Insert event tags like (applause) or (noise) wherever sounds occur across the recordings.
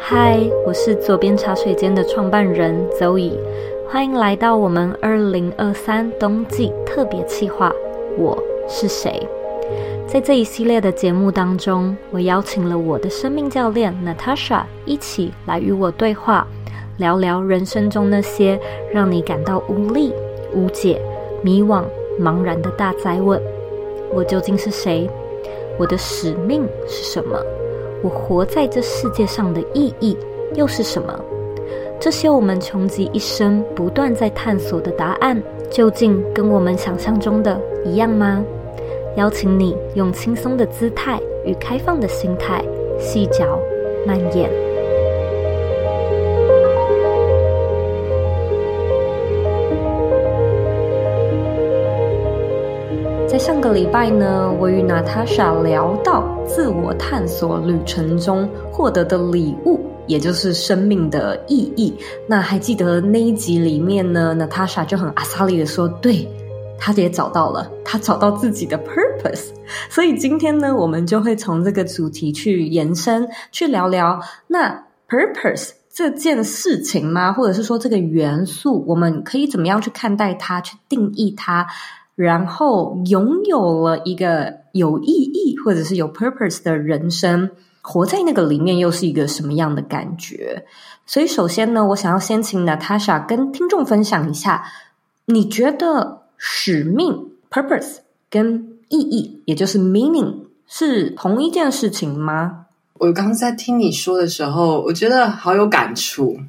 嗨，Hi, 我是左邊茶水間的創辦人 Zoe，歡迎來到我們二零二三冬季特別企劃。我是誰？在這一系列的節目當中，我邀請了我的生命教練 Natasha 一起來與我對話。聊聊人生中那些讓你感到無力、無解、迷惘、茫然的大哉問：我究竟是誰？我的使命是什麼？我活在這世界上的意義又是什麼？這些我們窮極一生不斷在探索的答案，究竟跟我們想象中的一樣嗎？邀請你用輕鬆的姿態與開放的心態，細嚼慢咽。這個禮拜呢，我與娜塔莎聊到自我探索旅程中獲得的禮物，也就是生命的意義。那還記得那一集裡面呢，娜塔莎就很阿薩利的說：“對，她也找到了，她找到自己的 purpose。”所以今天呢，我們就會從這個主題去延伸，去聊聊那 purpose 這件事情嗎？或者是說這個元素，我們可以怎麼樣去看待它，去定義它？然後擁有了一個有意義或者是有 purpose 的人生，活在那個裡面又是一個什麼樣的感覺？所以，首先呢，我想要先請 Natasha 跟聽眾分享一下，你覺得使命 purpose 跟意義，也就是 meaning 是同一件事情嗎？我剛在聽你說的時候，我覺得好有感觸，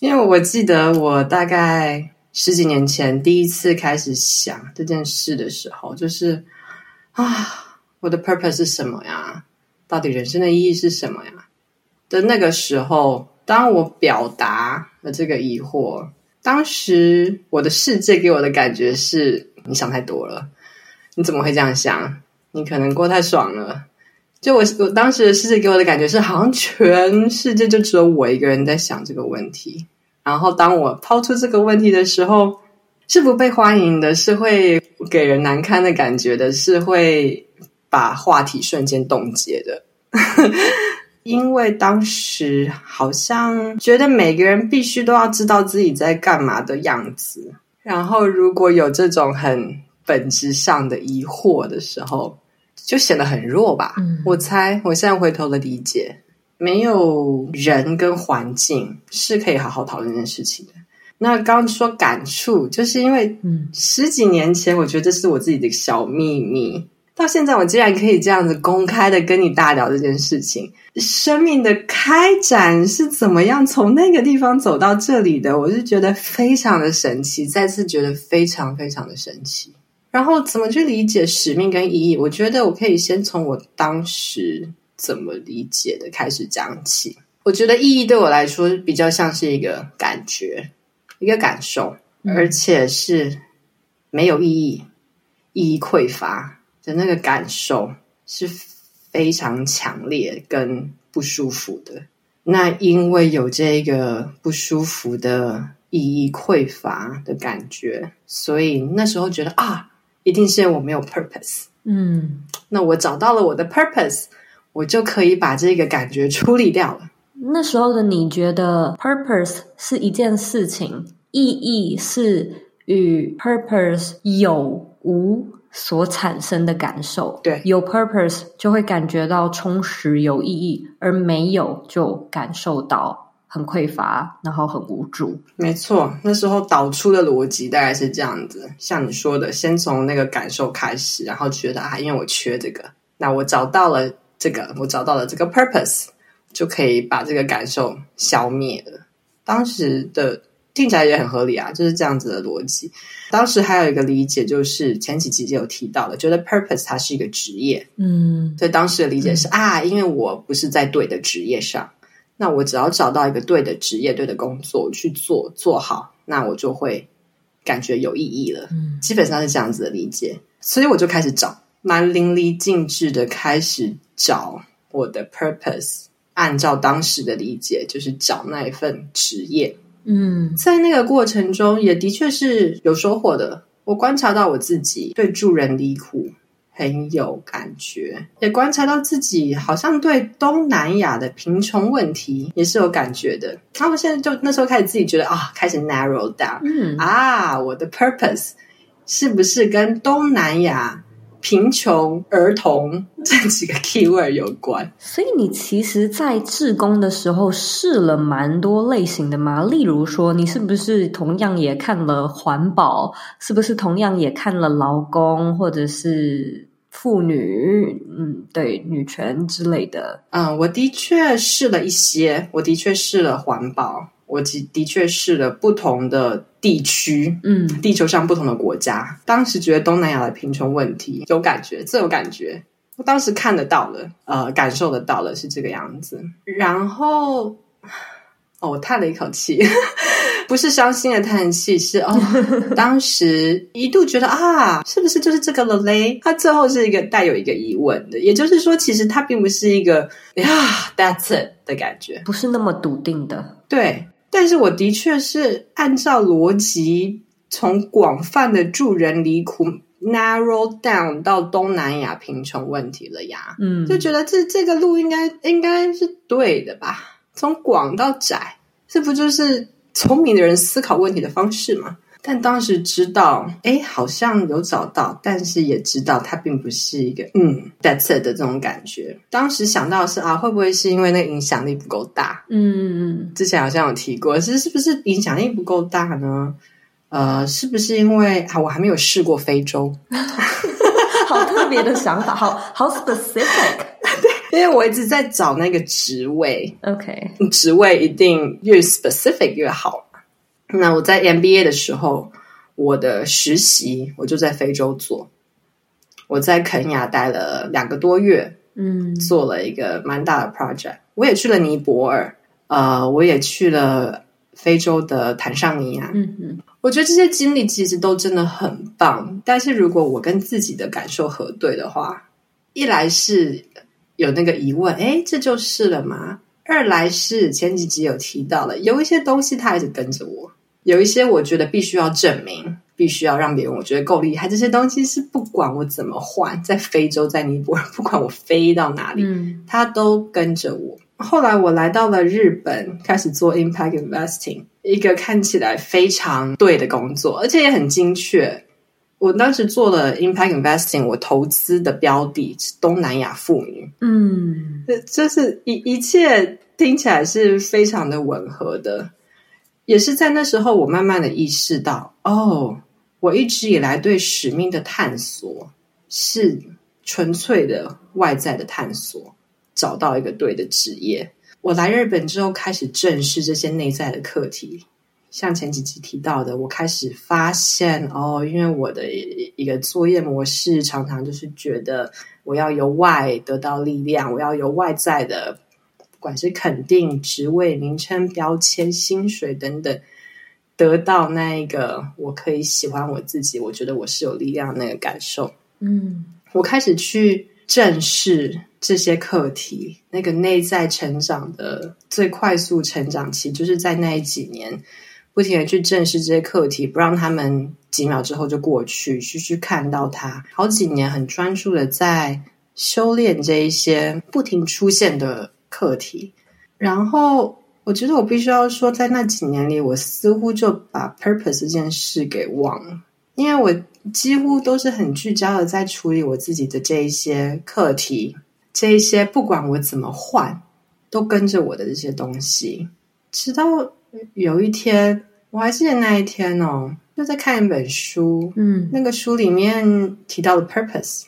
因為我記得我大概，十幾年前第一次開始想這件事的時候，就是啊，我的 purpose 是什麼呀？到底人生的意義是什麼呀？的那個時候，當我表達了這個疑惑，當時我的世界給我的感覺是：你想太多了。你怎麼會這樣想？你可能過太爽了。就我，我當時的世界給我的感覺是，好像全世界就只有我一個人在想這個問題。然後，當我拋出這個問題的時候，是不被歡迎的，是會給人難堪的感覺的，是會把話題瞬間凍結的。 (laughs) 因為當時好像覺得每個人必須都要知道自己在幹嘛的樣子。然後，如果有這種很本質上的疑惑的時候，就顯得很弱吧。嗯，我猜。我現在回頭的理解。沒有人跟環境，嗯，是可以好好討論這件事情的。那剛說感觸，就是因為十幾年前，我覺得這是我自己的小秘密。到現在，我竟然可以這樣子公開的跟你大聊這件事情，生命的開展是怎麼樣從那個地方走到這裡的，我是覺得非常的神奇，再次覺得非常非常的神奇。然後怎麼去理解使命跟意義？我覺得我可以先從我當時。怎麼理解的開始講起，我覺得意義對我來說比較像是一個感覺，一個感受，而且是沒有意義、意義匱乏的那個感受是非常強烈跟不舒服的。那因為有這個不舒服的意義匱乏的感覺，所以那時候覺得啊，一定是我沒有 purpose。嗯，那我找到了我的 purpose，我就可以把這個感覺處理掉了。那時候的你覺得，purpose 是一件事情，意義是與 purpose 有無所產生的感受。對，有 purpose 就會感覺到充實有意義，而沒有就感受到很匱乏，然後很無助。沒錯，那時候導出的邏輯大概是這樣子：像你說的，先從那個感受開始，然後覺得啊，因為我缺這個，那我找到了。這個我找到了，這個 purpose 就可以把這個感受消滅了。當時的聽起來也很合理啊，就是這樣子的邏輯。當時還有一個理解，就是前幾集就有提到的，覺得 purpose 它是一個職業。嗯，所以當時的理解是、嗯、啊，因為我不是在對的職業上，那我只要找到一個對的職業、對的工作去做做好，那我就會感覺有意義了。嗯，基本上是這樣子的理解，所以我就開始找，蠻淋漓盡致的開始。找我的 purpose，按照當時的理解，就是找那一份職業。嗯，在那個過程中也的確是有收穫的。我觀察到我自己對助人離苦很有感覺，也觀察到自己好像對東南亞的貧窮問題也是有感覺的。那、啊、我現在就那時候開始自己覺得啊，開始 narrow down，、嗯、啊，我的 purpose 是不是跟東南亞？貧窮兒童這幾個 key word 有關，所以你其實，在志工的時候試了蠻多類型的嗎？例如說，你是不是同樣也看了環保？是不是同樣也看了勞工，或者是婦女？嗯，對，女權之類的。嗯，我的確試了一些，我的確試了環保。我的確試了不同的地區，嗯，地球上不同的國家。當時覺得東南亞的貧窮問題有感覺，這有感覺。我當時看得到了，呃，感受得到了是這個樣子。然後，哦，我嘆了一口氣， (laughs) 不是傷心的嘆氣，是哦， (laughs) 當時一度覺得啊，是不是就是這個了嘞？他最後是一個帶有一個疑問的，也就是說，其實他並不是一個呀，That's it 的感覺，不是那麼篤定的，的對。但是我的確是按照邏輯，從廣泛的助人離苦 narrow down 到東南亞貧窮問題了呀，嗯，就覺得這這個路應該應該是對的吧？從廣到窄，這不就是聰明的人思考問題的方式嗎？但當時知道，哎，好像有找到，但是也知道它並不是一個嗯 that's it 的這種感覺。當時想到的是啊，會不會是因為那個影響力不夠大？嗯嗯嗯。之前好像有提過，是是不是影響力不夠大呢？呃，是不是因為啊，我還沒有試過非洲？ (laughs) (laughs) 好特別的想法，好好 specific。對，因為我一直在找那個職位，OK，職位一定越 specific 越好。那我在 MBA 的時候，我的實習我就在非洲做，我在肯亞待了兩個多月，嗯，做了一個蠻大的 project。我也去了尼泊爾，呃，我也去了非洲的坦桑尼亞。嗯嗯，我覺得這些經歷其實都真的很棒。但是如果我跟自己的感受核對的話，一來是有那個疑問，哎，這就是了嗎？二來是前幾集有提到了，有一些東西它一直跟着我。有一些我覺得必須要證明，必須要讓別人我覺得夠厲害。這些東西是不管我怎麼換，在非洲，在尼泊爾，不管我飛到哪裡，他、嗯、都跟着我。後來我來到了日本，開始做 impact investing，一個看起來非常對的工作，而且也很精確。我當時做了 impact investing，我投資的標的是東南亞婦女。嗯，這就是一一切聽起來是非常的吻合的。也是在那時候，我慢慢的意識到，哦，我一直以來對使命的探索是純粹的外在的探索，找到一個對的職業。我來日本之後，開始正視這些內在的課題。像前幾集提到的，我開始發現，哦，因為我的一個作業模式，常常就是覺得我要由外得到力量，我要由外在的。不管是肯定、職位、名稱、標籤、薪水等等，得到那一個，我可以喜歡我自己，我覺得我是有力量的那個感受。嗯，我開始去正視這些課題，那個內在成長的最快速成長期，就是在那幾年不停的去正視這些課題，不讓他們幾秒之後就過去，去去看到它。好幾年，很專注的在修煉這一些不停出現的，課題，然後我覺得我必須要說，在那幾年裡，我似乎就把 purpose 這件事給忘了，因為我幾乎都是很聚焦的在處理我自己的這一些課題，這一些不管我怎麼換，都跟着我的這些東西。直到有一天，我還記得那一天哦，就在看一本書，嗯，那個書裡面提到了 purpose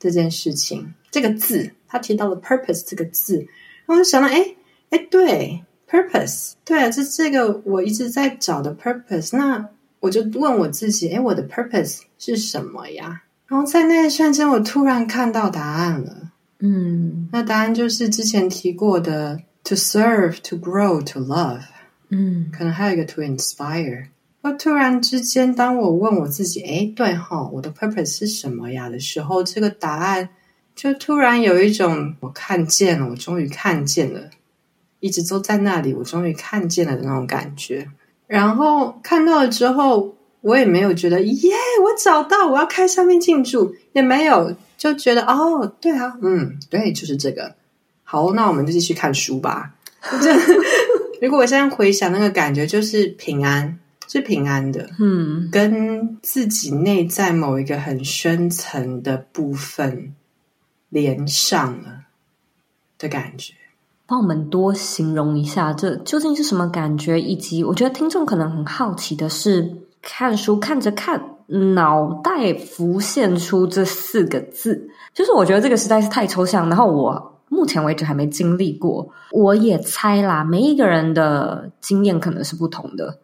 這件事情，這個字，他提到了 purpose 這個字。我就想到，哎，哎，對，purpose，對，這這個我一直在找的 purpose。那我就問我自己，哎，我的 purpose 是什麼呀？然後在那一瞬間，我突然看到答案了。嗯，那答案就是之前提過的，嗯，to serve, to grow, to love。嗯，可能還有一個 to inspire。我突然之間，當我問我自己，哎，對、哦，好，我的 purpose 是什麼呀？的時候，這個答案。就突然有一種我看見了，我終於看見了，一直坐在那裡，我終於看見了的那種感覺。然後看到了之後，我也沒有覺得耶，我找到，我要開香檳慶祝也沒有，就覺得哦，對啊，嗯，對，就是這個。好，那我們就繼續看書吧。 (laughs) 如果我現在回想那個感覺，就是平安，是平安的，嗯，跟自己內在某一個很深層的部分。連上了的感覺，幫我們多形容一下，這究竟是什麼感覺？以及，我覺得聽眾可能很好奇的是，看書看着看，腦袋浮現出這四個字，就是我覺得這個實在是太抽象，然後我目前為止還沒經歷過，我也猜啦，每一個人的經驗可能是不同的，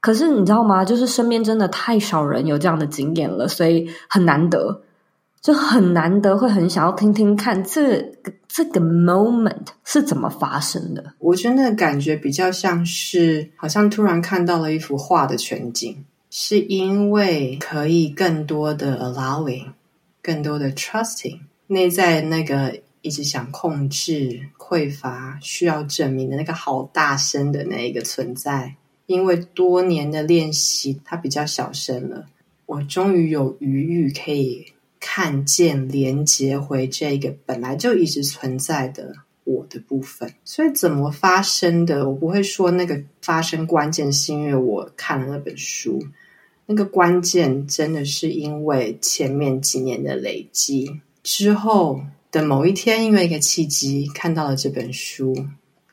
可是你知道嗎？就是身邊真的太少人有這樣的經驗了，所以很難得。就很難得，會很想要聽聽看這個、這個 moment 是怎麼發生的。我覺得那個感覺比較像是，好像突然看到了一幅畫的全景。是因為可以更多的 allowing，更多的 trusting 內在那個一直想控制、匱乏、需要證明的那個好大聲的那一個存在，因為多年的練習，它比較小聲了。我終於有餘裕可以看見，連接回這個本來就一直存在的我的部分，所以怎麼發生的？我不會說那個發生關鍵是因為我看了那本書，那個關鍵真的是因為前面幾年的累積之後的某一天，因為一個契機看到了這本書，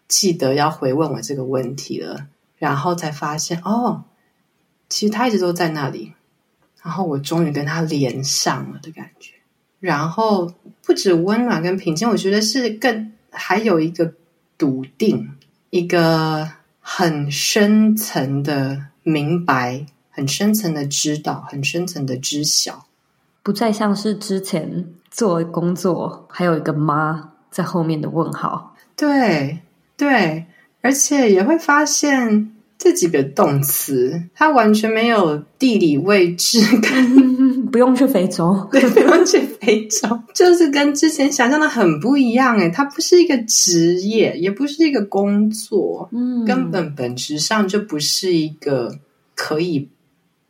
記得要回問我這個問題了，然後才發現哦，其實他一直都在那裡。然後我終於跟他連上了的感覺，然後不止溫暖跟平靜，我覺得是更，還有一個篤定，嗯、一個很深層的明白，很深層的知道，很深層的知曉，不再像是之前做工作，還有一個媽在後面的問號。對，對，而且也會發現。這幾個動詞，它完全沒有地理位置，跟、不用去非洲，對，不用去非洲，就是跟之前想象的很不一樣。哎，它不是一個職業，也不是一個工作，嗯，根本本質上就不是一個可以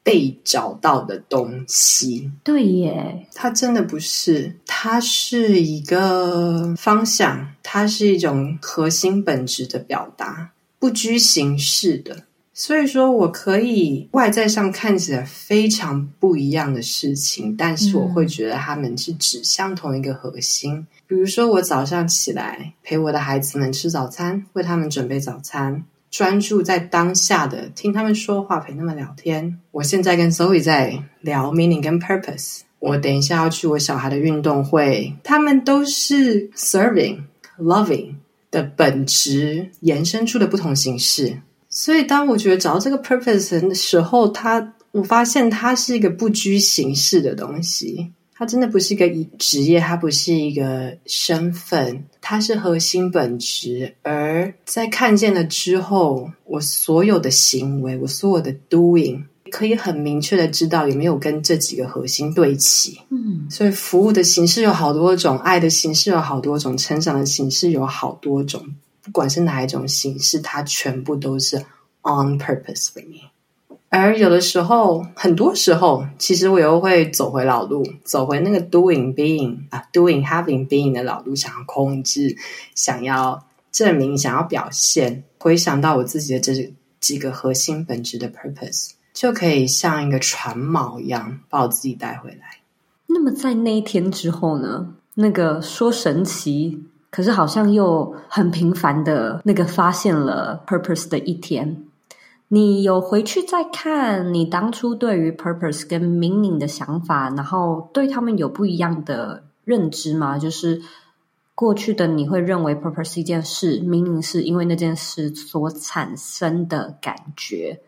被找到的東西。對耶，它真的不是，它是一個方向，它是一種核心本質的表達。不拘形式的，所以說我可以外在上看起來非常不一樣的事情，但是我會覺得他們是指向同一個核心。嗯、比如說，我早上起來陪我的孩子們吃早餐，為他們準備早餐，專注在當下的，聽他們說話，陪他們聊天。我現在跟 Zoe 在聊 meaning 跟 purpose。我等一下要去我小孩的運動會，他們都是 serving，loving。的本質延伸出的不同形式，所以當我覺得找到這個 purpose 的時候，它我發現它是一個不拘形式的東西，它真的不是一個職業，它不是一個身份，它是核心本質。而在看見了之後，我所有的行為，我所有的 doing。可以很明確的知道有沒有跟這幾個核心對齊。嗯，所以服務的形式有好多種，愛的形式有好多種，成長的形式有好多種。不管是哪一種形式，它全部都是 on purpose for me。而有的時候，很多時候，其實我又會走回老路，走回那個 doing being 啊 doing having being 的老路，想要控制，想要證明，想要表現。回想到我自己的這幾個核心本質的 purpose。就可以像一個船錨一樣把我自己帶回來。那麼在那一天之後呢，那個說神奇，可是好像又很平凡的那個發現了 purpose 的一天，你有回去再看你當初對於 purpose 跟 meaning 的想法，然後對他們有不一樣的認知嗎？就是過去的你會認為 purpose 是一件事，meaning 是因為那件事所產生的感覺。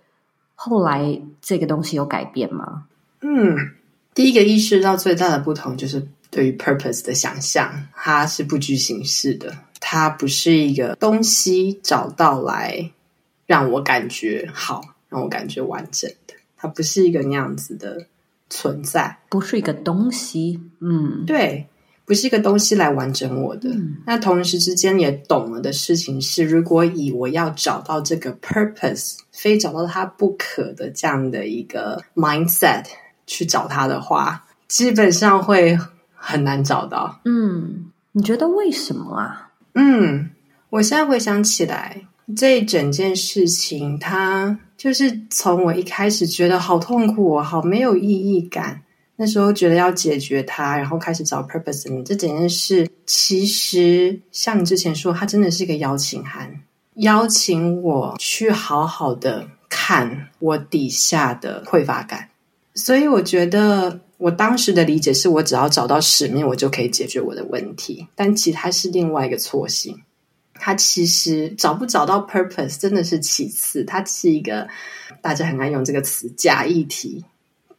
後來這個東西有改變嗎？嗯，第一個意識到最大的不同就是對於 purpose 的想象，它是不具形式的，它不是一個東西找到來讓我感覺好，讓我感覺完整的，它不是一個那樣子的存在，不是一個東西。嗯，對。不是一個東西來完整我的。嗯，那同時之間也懂了的事情是，如果以我要找到這個 purpose，非找到它不可的這樣的一個 mindset 去找它的話，基本上會很難找到。嗯，你覺得為什麼啊？嗯，我現在回想起來，這整件事情，它就是從我一開始覺得好痛苦啊，好沒有意義感。那時候覺得要解決它，然後開始找 purpose。這整件事其實像你之前說，它真的是一個邀請函，邀請我去好好的看我底下的匱乏感。所以我覺得我當時的理解是，我只要找到使命，我就可以解決我的問題。但其他是另外一個錯行。它其實找不找到 purpose 真的是其次，它是一個大家很愛用這個詞，假議題。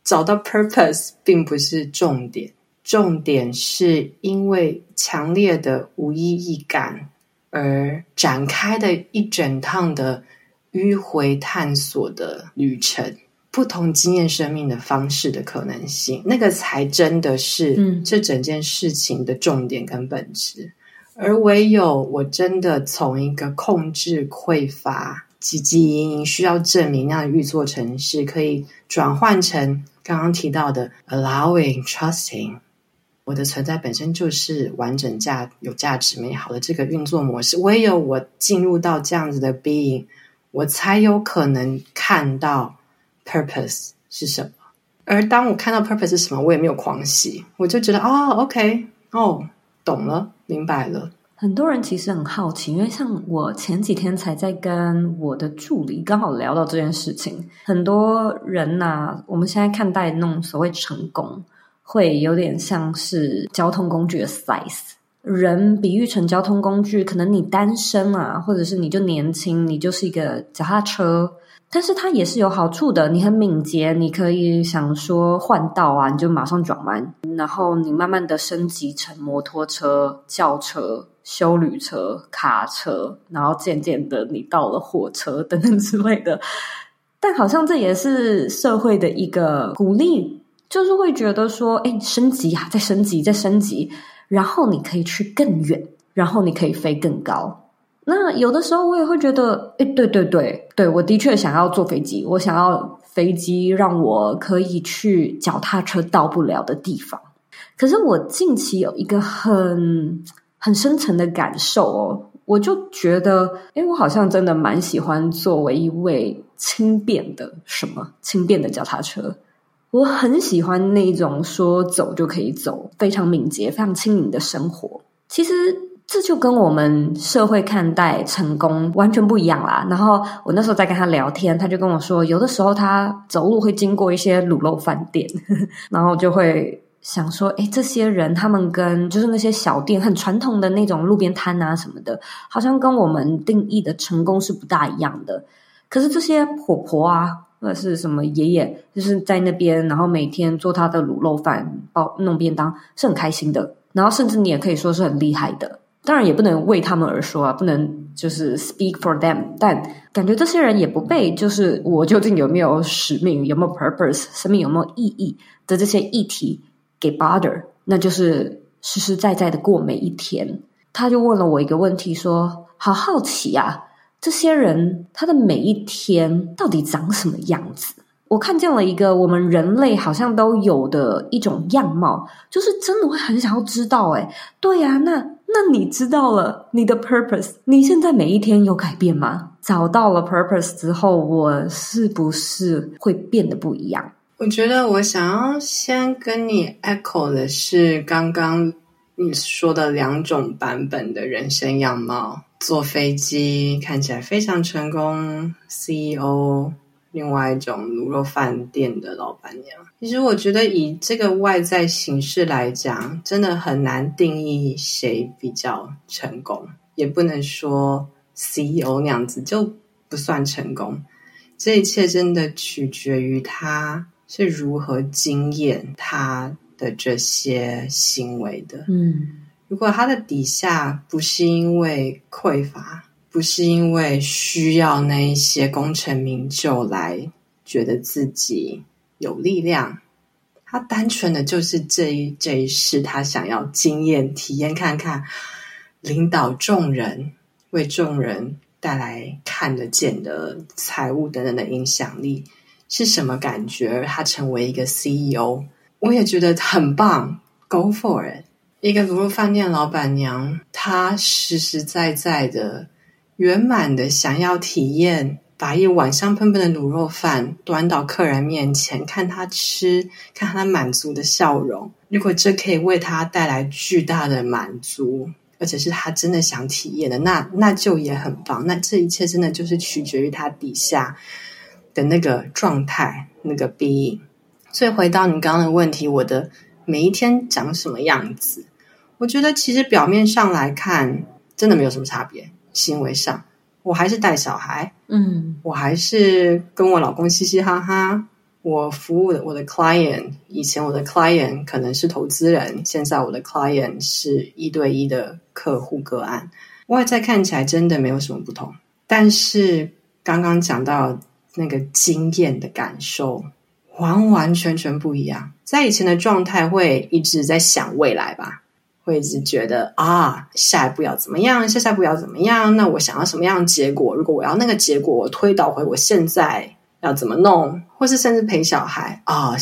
找到 purpose 並不是重點，重點是因為強烈的無意義感而展開的一整趟的迂回探索的旅程，不同經驗生命的方式的可能性，那個才真的是這整件事情的重點跟本質。嗯、而唯有我真的從一個控制匱乏、汲汲營營需要證明那樣的運作程式，可以轉換成。剛剛提到的 allowing trusting，我的存在本身就是完整價有價值美好的這個運作模式。唯有我進入到這樣子的 being，我才有可能看到 purpose 是什麼。而當我看到 purpose 是什麼，我也沒有狂喜，我就覺得啊，哦，OK，哦，懂了，明白了。很多人其實很好奇，因為像我前幾天才在跟我的助理剛好聊到這件事情。很多人吶、啊，我們現在看待那種所謂成功，會有點像是交通工具的 size。人比喻成交通工具，可能你單身啊，或者是你就年輕，你就是一個腳踏車。但是它也是有好處的，你很敏捷，你可以想說換道啊，你就馬上轉彎。然後你慢慢的升級成摩托車、轎車。休旅車、卡車，然後漸漸的，你到了火車等等之類的。但好像這也是社會的一個鼓勵，就是會覺得說：“誒，升級啊，再升級，再升級，然後你可以去更遠，然後你可以飛更高。”那有的時候我也會覺得：“誒，對對對，對我的確想要坐飛機，我想要飛機讓我可以去腳踏車到不了的地方。”可是我近期有一個很……很深層的感受哦，我就覺得，誒，我好像真的蠻喜歡作為一位輕便的什麼，輕便的腳踏車，我很喜歡那一種說走就可以走，非常敏捷、非常輕盈的生活。其實這就跟我們社會看待成功完全不一樣啦。然後我那時候在跟他聊天，他就跟我說，有的時候他走路會經過一些滷肉飯店，呵呵，然後就會，想說，誒，這些人他們跟就是那些小店、很傳統的那種路邊攤啊什麼的，好像跟我們定義的成功是不大一樣的。可是這些婆婆啊，或者是什麼爺爺，就是在那邊，然後每天做他的滷肉飯、弄便當，是很開心的。然後甚至你也可以說是很厲害的。當然也不能為他們而說啊，不能就是 speak for them。但感覺這些人也不被就是我究竟有沒有使命、有沒有 purpose、生命有沒有意義的這些議題。給 butter，那就是實實在在的過每一天。他就問了我一個問題，說：“好好奇呀，啊，這些人他的每一天到底長什麼樣子？”我看見了一個我們人類好像都有的一種樣貌，就是真的會很想要知道、欸。哎，對呀，啊，那那你知道了你的 purpose，你現在每一天有改變嗎？找到了 purpose 之後，我是不是會變得不一樣？我覺得我想要先跟你 echo 的是剛剛你說的兩種版本的人生樣貌：坐飛機看起來非常成功 CEO，另外一種滷肉飯店的老板娘。其實我覺得以這個外在形式來講，真的很難定義誰比較成功，也不能說 CEO 那樣子就不算成功。這一切真的取決於他。是如何經驗他的這些行為的？嗯，如果他的底下不是因為匱乏，不是因為需要那一些功成名就來覺得自己有力量，他單純的就是這一這一世，他想要經驗體驗看看，領導眾人，為眾人帶來看得見的財務等等的影響力。是什麼感覺？他成為一個 CEO，我也覺得很棒。Go for it！一個滷肉飯店老闆娘，她實實在在的、圓滿的想要體驗，把一碗香噴噴的滷肉飯端到客人面前，看他吃，看他滿足的笑容。如果這可以為他帶來巨大的滿足，而且是他真的想體驗的，那那就也很棒。那這一切真的就是取決於他底下，的那個狀態，那個 being。所以回到你剛剛的問題，我的每一天長什麼樣子？我覺得其實表面上來看，真的沒有什麼差別。行為上，我還是帶小孩，嗯，我還是跟我老公嘻嘻哈哈。我服務我的我的 client，以前我的 client 可能是投資人，現在我的 client 是一對一的客戶個案。外在看起來真的沒有什麼不同，但是剛剛講到，那個驚豔的感受，完完全全不一樣。在以前的狀態，會一直在想未來吧，會一直覺得啊，下一步要怎麼樣，下下一步要怎麼樣？那我想要什麼樣的結果？如果我要那個結果，我推導回我現在要怎麼弄，或是甚至陪小孩啊，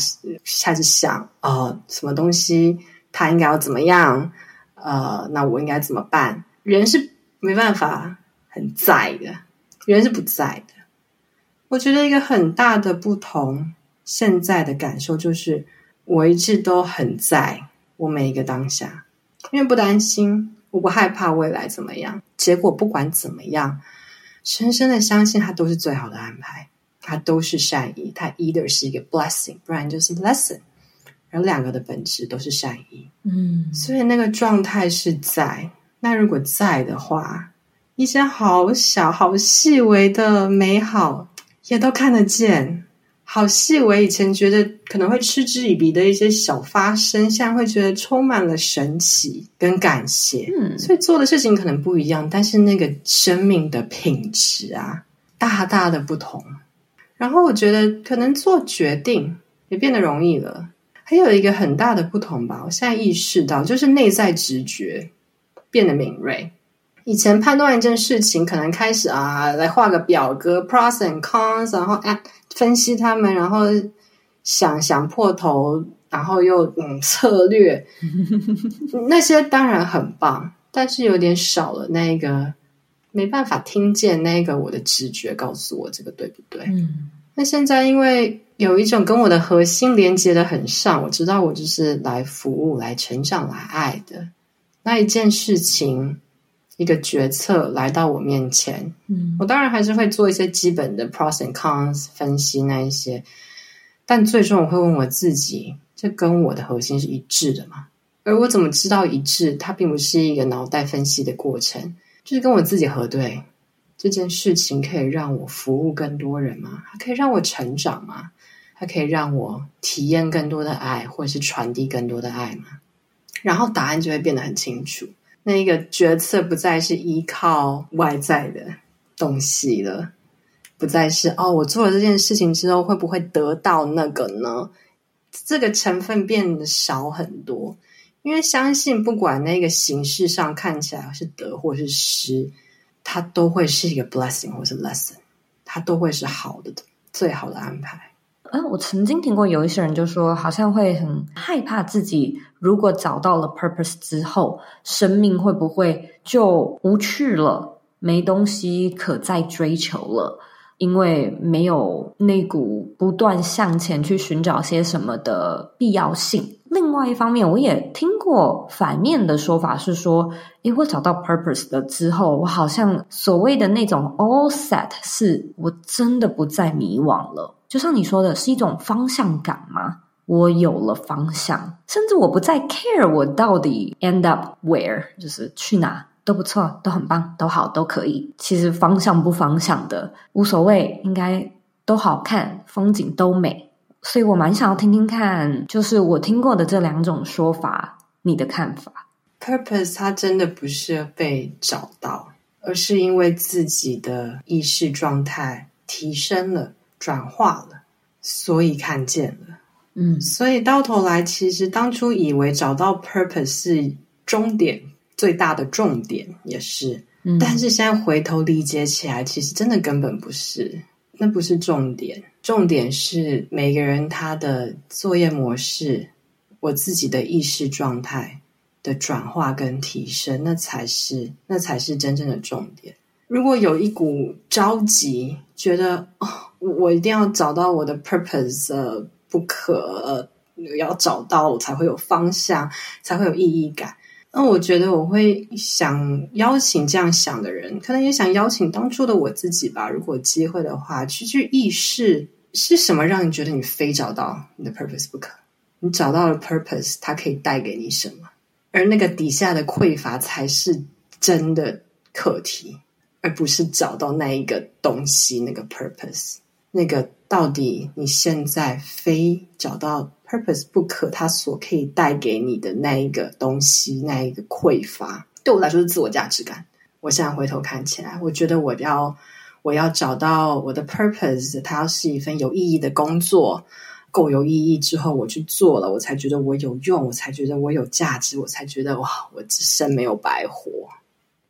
開始想啊，什麼東西他應該要怎麼樣？呃、啊，那我應該怎麼辦？人是沒辦法很在的，人是不在的。我覺得一個很大的不同，現在的感受就是，我一直都很在我每一個當下，因為不擔心，我不害怕未來怎麼樣。結果不管怎麼樣，深深的相信它都是最好的安排，它都是善意，它 either 是一個 blessing，不然就是 lesson，而兩個的本質都是善意。嗯，所以那個狀態是在。那如果在的話，一些好小好細微的美好。也都看得見，好細微。我以前覺得可能會嗤之以鼻的一些小發生，現在會覺得充滿了神奇，跟感謝。嗯，所以做的事情可能不一樣，但是那個生命的品質啊，大大的不同。然後我覺得可能做決定也變得容易了。還有一個很大的不同吧，我現在意識到，就是內在直覺變得敏銳。以前判斷一件事情，可能開始啊，來畫個表格 pros and cons，然後哎，分析他們，然後想想破頭，然後又嗯策略， (laughs) 那些當然很棒，但是有點少了那個，沒辦法聽見那個我的直覺告訴我，這個對不對？嗯，那現在因為有一種跟我的核心連接得很上，我知道我就是來服務、來成長、來愛的那一件事情。一個決策來到我面前，嗯，我當然還是會做一些基本的 pros and cons 分析那一些，但最終我會問我自己：這跟我的核心是一致的嗎？而我怎麼知道一致？它並不是一個腦袋分析的過程，就是跟我自己核對：這件事情可以讓我服務更多人嗎？它可以讓我成長嗎？它可以讓我體驗更多的愛，或者是傳遞更多的愛嗎？然後答案就會變得很清楚。那個決策不再是依靠外在的東西了，不再是哦，我做了這件事情之後會不會得到那個呢？這個成分變得少很多，因為相信不管那個形式上看起來是得或是失，它都會是一個 blessing 或是 lesson，它都會是好的的最好的安排。哎、呃，我曾經聽過有一些人就說，好像會很害怕自己。如果找到了 purpose 之後，生命會不會就無趣了？沒東西可再追求了，因為沒有那股不斷向前去尋找些什麼的必要性。另外一方面，我也聽過反面的說法，是說，哎，我找到 purpose 了之後，我好像所謂的那種 all set，是我真的不再迷惘了。就像你說的，是一種方向感嗎？我有了方向，甚至我不再 care 我到底 end up where，就是去哪都不錯，都很棒，都好，都可以。其實方向不方向的無所謂，應該都好看，風景都美。所以我蠻想要聽聽看，就是我聽過的這兩種說法，你的看法？Purpose 它真的不是被找到，而是因為自己的意識狀態提升了、轉化了，所以看見了。嗯，所以到頭來，其實當初以為找到 purpose 是終點，最大的重點也是。嗯，但是現在回頭理解起來，其實真的根本不是，那不是重點。重點是每個人他的作業模式，我自己的意識狀態的轉化跟提升，那才是那才是真正的重點。如果有一股着急，覺得哦，我一定要找到我的 purpose，呃。不可要找到，我才會有方向，才會有意義感。那我覺得我會想邀請這樣想的人，可能也想邀請當初的我自己吧。如果有機會的話，去、就、去、是、意識是什麼讓你覺得你非找到你的 purpose 不可？你找到了 purpose，它可以帶給你什麼？而那個底下的匱乏才是真的課題，而不是找到那一個東西，那個 purpose。那個到底你現在非找到 purpose 不可，它所可以帶給你的那一個東西，那一個匱乏，對我來說是自我價值感。我現在回頭看起來，我覺得我要我要找到我的 purpose，它要是一份有意義的工作，夠有意義之後，我去做了，我才覺得我有用，我才覺得我有價值，我才覺得哇，我此生沒有白活。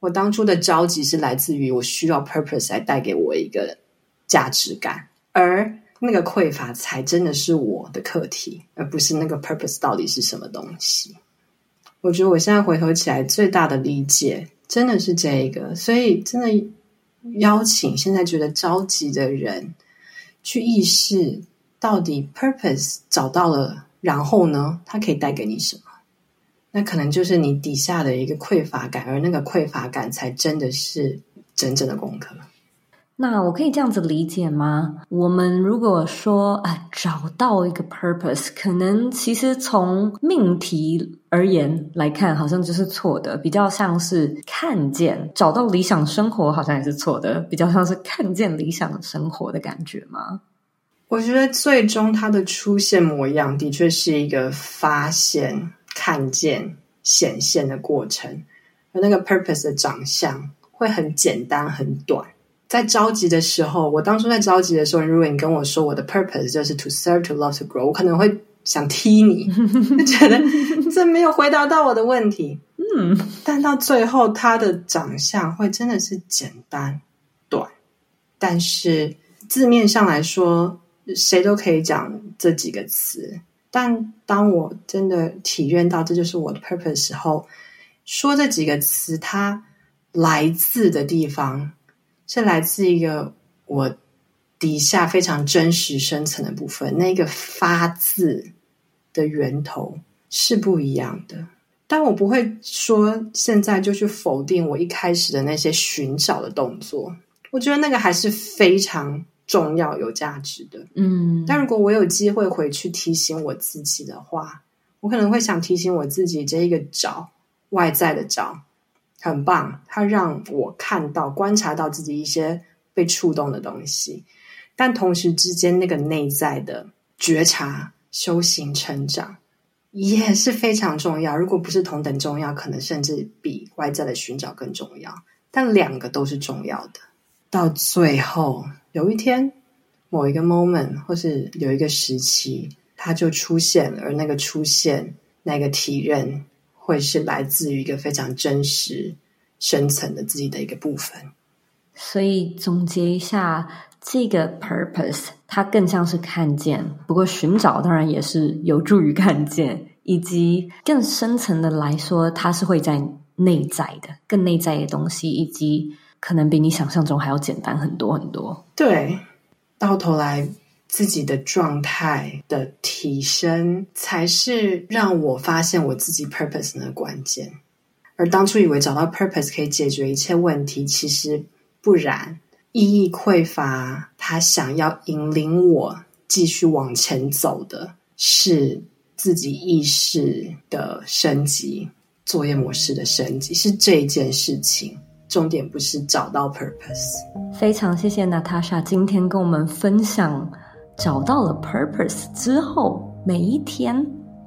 我當初的着急是來自於我需要 purpose 來帶給我一個價值感。而那個匱乏才真的是我的課題，而不是那個 purpose 到底是什麼東西。我覺得我現在回頭起來最大的理解真的是這一個，所以真的邀請現在覺得着急的人去意識到底 purpose 找到了，然後呢，它可以帶給你什麼？那可能就是你底下的一個匱乏感，而那個匱乏感才真的是真正的功課。那我可以這樣子理解嗎？我們如果說啊，找到一個 purpose，可能其實從命題而言來看，好像就是錯的，比較像是看見。找到理想生活好像也是錯的，比較像是看見理想生活的感覺嗎？我覺得最終它的出現模樣，的確是一個發現、看見、顯現的過程，而那個 purpose 的長相會很簡單、很短。在着急的時候，我當初在着急的時候，如果你跟我說我的 purpose 就是 to serve, to love, to grow，我可能會想踢你，就覺得這沒有回答到我的問題。嗯，但到最後，他的長相會真的是簡單短，但是字面上來說，誰都可以講這幾個詞。但當我真的體驗到這就是我的 purpose 時候，說這幾個詞，它來自的地方。是來自一個我底下非常真實深層的部分，那個發自的源頭是不一樣的。但我不會說現在就去否定我一開始的那些尋找的動作，我覺得那個還是非常重要、有價值的。嗯，但如果我有機會回去提醒我自己的話，我可能會想提醒我自己這一個找，外在的找。很棒，它讓我看到、觀察到自己一些被觸動的東西，但同時之間那個內在的覺察、修行、成長也是非常重要。如果不是同等重要，可能甚至比外在的尋找更重要。但兩個都是重要的。到最後，有一天，某一個 moment 或是有一個時期，它就出現了，而那個出現，那個體認。會是來自於一個非常真實、深層的自己的一個部分。所以總結一下，這個 purpose 它更像是看見，不過尋找當然也是有助於看見，以及更深層的來說，它是會在內在的、更內在的東西，以及可能比你想象中還要簡單很多很多。對，到頭來。自己的狀態的提升，才是讓我發現我自己 purpose 的關鍵。而當初以為找到 purpose 可以解決一切問題，其實不然。意義匱乏，他想要引領我繼續往前走的是自己意識的升級、作業模式的升級，是這一件事情。重點不是找到 purpose。非常謝謝娜塔莎今天跟我們分享。找到了 purpose 之後，每一天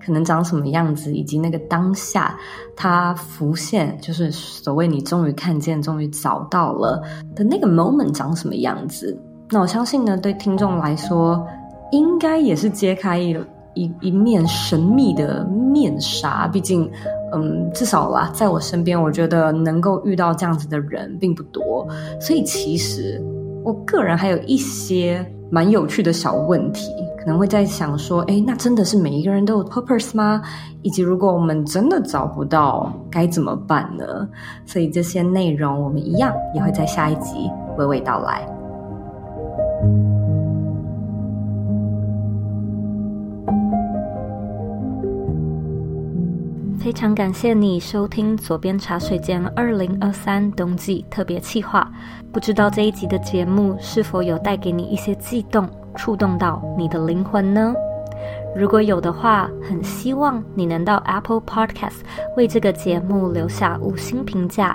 可能長什麼樣子，以及那個當下，它浮現就是所謂你終於看見、終於找到了的那個 moment 長什麼樣子。那我相信呢，對聽眾來說，應該也是揭開一一一面神秘的面紗。畢竟，嗯，至少啦，在我身邊，我覺得能夠遇到這樣子的人並不多。所以，其實我個人還有一些。蠻有趣的小問題，可能會在想說，哎，那真的是每一個人都有 purpose 嗎？以及如果我們真的找不到，該怎麼辦呢？所以這些內容我們一樣也會在下一集娓娓道來。非常感謝你收聽《左邊茶水間》二零二三冬季特別企劃。不知道這一集的節目是否有帶給你一些悸動，觸動到你的靈魂呢？如果有的話，很希望你能到 Apple Podcast 為這個節目留下五星評價，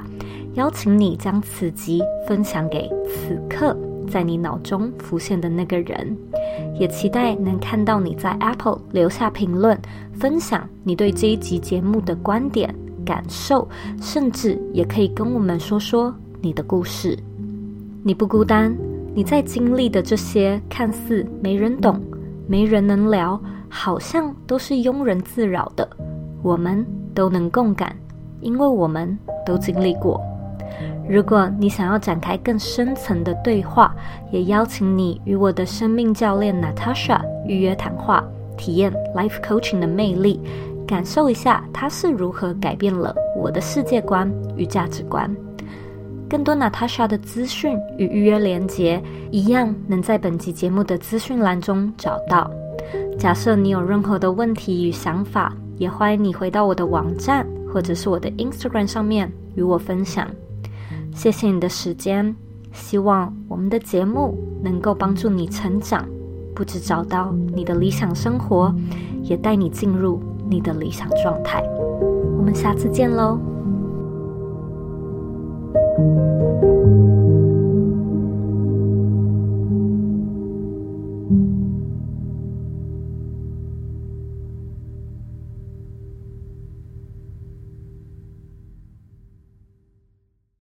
邀請你將此集分享給此刻在你腦中浮現的那個人。也期待能看到你在 Apple 留下評論，分享你對這一集節目的觀點、感受，甚至也可以跟我們說說你的故事。你不孤單，你在經歷的這些看似沒人懂、沒人能聊，好像都是庸人自擾的，我們都能共感，因為我們都經歷過。如果你想要展開更深層的對話，也邀請你與我的生命教練 Natasha 預約談話，體驗 Life Coaching 的魅力，感受一下她是如何改變了我的世界觀與價值觀。更多 Natasha 的資訊與預約鏈接，一樣能在本集節目的資訊欄中找到。假設你有任何的問題與想法，也歡迎你回到我的網站或者是我的 Instagram 上面與我分享。謝謝你的時間，希望我們的節目能夠幫助你成長，不只找到你的理想生活，也帶你進入你的理想狀態。我們下次見嘍。